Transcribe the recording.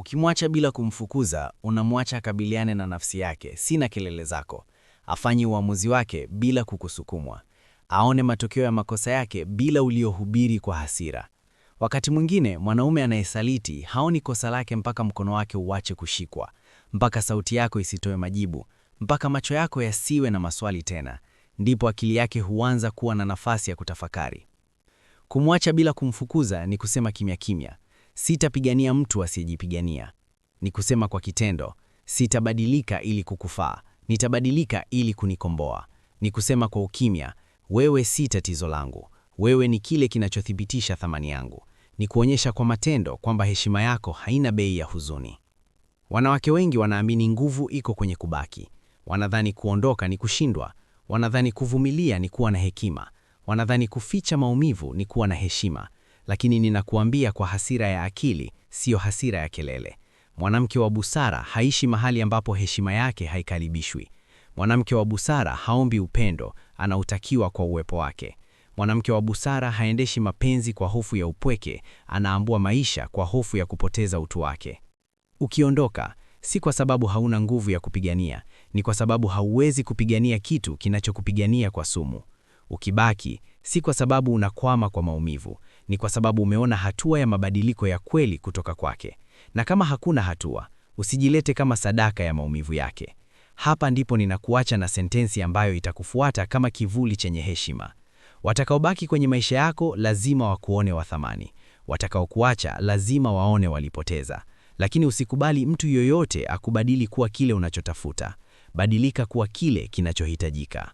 Ukimwacha bila kumfukuza, unamwacha akabiliane na nafsi yake, si na kelele zako. Afanye uamuzi wake bila kukusukumwa, aone matokeo ya makosa yake bila uliohubiri kwa hasira. Wakati mwingine mwanaume anayesaliti haoni kosa lake mpaka mkono wake uache kushikwa, mpaka sauti yako isitoe majibu, mpaka macho yako yasiwe na maswali tena. Ndipo akili yake huanza kuwa na nafasi ya kutafakari. Kumwacha bila kumfukuza ni kusema kimya kimya sitapigania mtu asiyejipigania. Ni kusema kwa kitendo, sitabadilika ili kukufaa, nitabadilika ili kunikomboa. Ni kusema kwa ukimya, wewe si tatizo langu, wewe ni kile kinachothibitisha thamani yangu. Ni kuonyesha kwa matendo kwamba heshima yako haina bei ya huzuni. Wanawake wengi wanaamini nguvu iko kwenye kubaki. Wanadhani kuondoka ni kushindwa, wanadhani kuvumilia ni kuwa na hekima, wanadhani kuficha maumivu ni kuwa na heshima lakini ninakuambia kwa hasira ya akili, siyo hasira ya kelele. Mwanamke wa busara haishi mahali ambapo heshima yake haikaribishwi. Mwanamke wa busara haombi upendo, anautakiwa kwa uwepo wake. Mwanamke wa busara haendeshi mapenzi kwa hofu ya upweke, anaambua maisha kwa hofu ya kupoteza utu wake. Ukiondoka si kwa sababu hauna nguvu ya kupigania, ni kwa sababu hauwezi kupigania kitu kinachokupigania kwa sumu. Ukibaki si kwa sababu unakwama kwa maumivu, ni kwa sababu umeona hatua ya mabadiliko ya kweli kutoka kwake. Na kama hakuna hatua, usijilete kama sadaka ya maumivu yake. Hapa ndipo ninakuacha na sentensi ambayo itakufuata kama kivuli chenye heshima. Watakaobaki kwenye maisha yako lazima wakuone wa thamani, watakaokuacha lazima waone walipoteza. Lakini usikubali mtu yoyote akubadili kuwa kile unachotafuta. Badilika kuwa kile kinachohitajika.